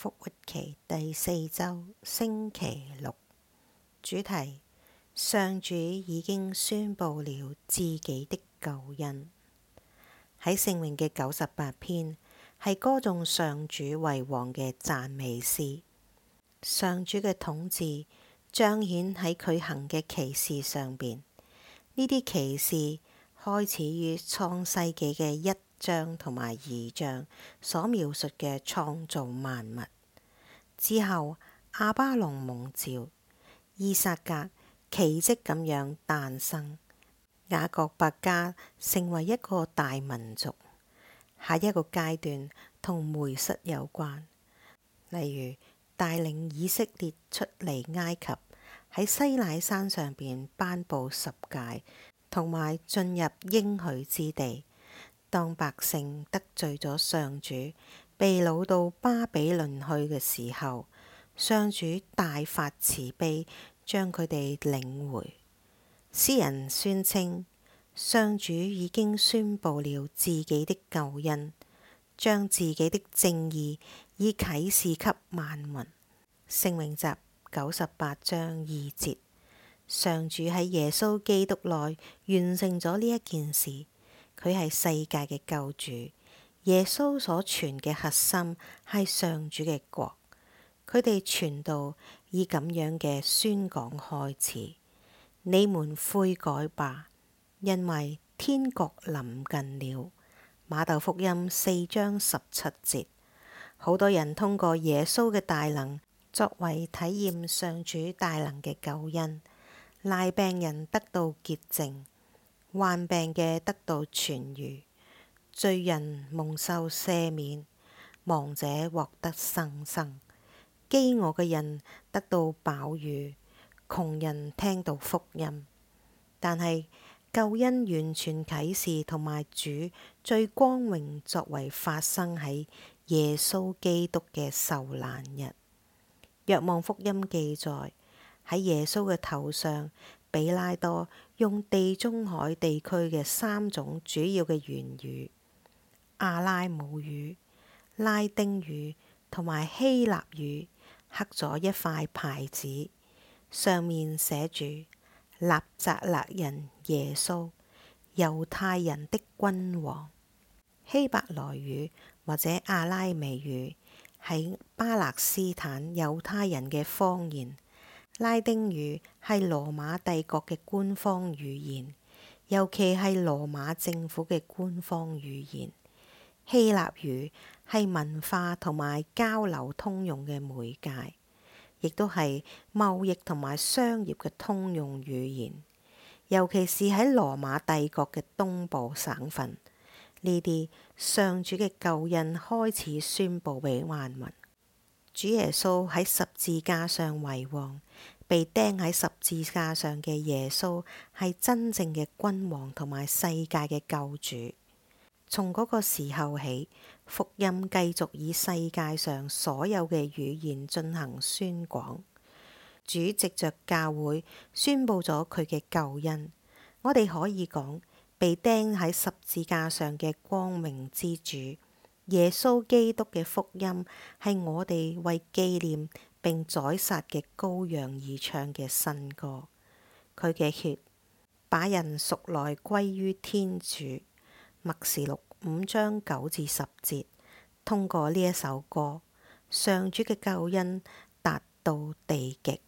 復活期第四週，星期六，主題：上主已經宣佈了自己的救恩。喺聖詠嘅九十八篇，係歌頌上主為王嘅讚美詩。上主嘅統治彰顯喺佢行嘅奇事上邊。呢啲奇事開始於創世記嘅一。像同埋異象所描述嘅創造萬物之後，亞巴郎蒙召、依撒格奇蹟咁樣誕生，雅各伯家成為一個大民族。下一個階段同梅瑟有關，例如帶領以色列出離埃及，喺西乃山上邊頒布十誡，同埋進入應許之地。當百姓得罪咗上主，被擄到巴比倫去嘅時候，上主大發慈悲，將佢哋領回。詩人宣稱，上主已經宣布了自己的救恩，將自己的正義已啟示給萬民。聖詠集九十八章二節，上主喺耶穌基督內完成咗呢一件事。佢係世界嘅救主，耶穌所傳嘅核心係上主嘅國。佢哋傳道以咁樣嘅宣講開始：你們悔改吧，因為天國臨近了。瑪竇福音四章十七節，好多人通過耶穌嘅大能，作為體驗上主大能嘅救恩，癩病人得到潔淨。患病嘅得到痊愈，罪人蒙受赦免，亡者獲得新生,生，飢餓嘅人得到飽沃，窮人聽到福音。但係救恩完全啟示同埋主最光榮作為發生喺耶穌基督嘅受難日。若望福音記載喺耶穌嘅頭上。比拉多用地中海地區嘅三種主要嘅言語，亞拉姆語、拉丁語同埋希臘語，刻咗一塊牌子，上面寫住「納匝肋人耶穌，猶太人的君王」。希伯來語或者阿拉美語係巴勒斯坦猶太人嘅方言。拉丁語係羅馬帝國嘅官方語言，尤其係羅馬政府嘅官方語言。希臘語係文化同埋交流通用嘅媒介，亦都係貿易同埋商業嘅通用語言。尤其是喺羅馬帝國嘅東部省份，呢啲上主嘅救恩開始宣佈俾萬民。主耶穌喺十字架上為王，被釘喺十字架上嘅耶穌係真正嘅君王同埋世界嘅救主。從嗰個時候起，福音繼續以世界上所有嘅語言進行宣講。主藉着教會宣佈咗佢嘅救恩。我哋可以講，被釘喺十字架上嘅光明之主。耶穌基督嘅福音係我哋為紀念並宰殺嘅羔羊而唱嘅新歌。佢嘅血把人贖來歸於天主。默示錄五章九至十節，通過呢一首歌，上主嘅救恩達到地極。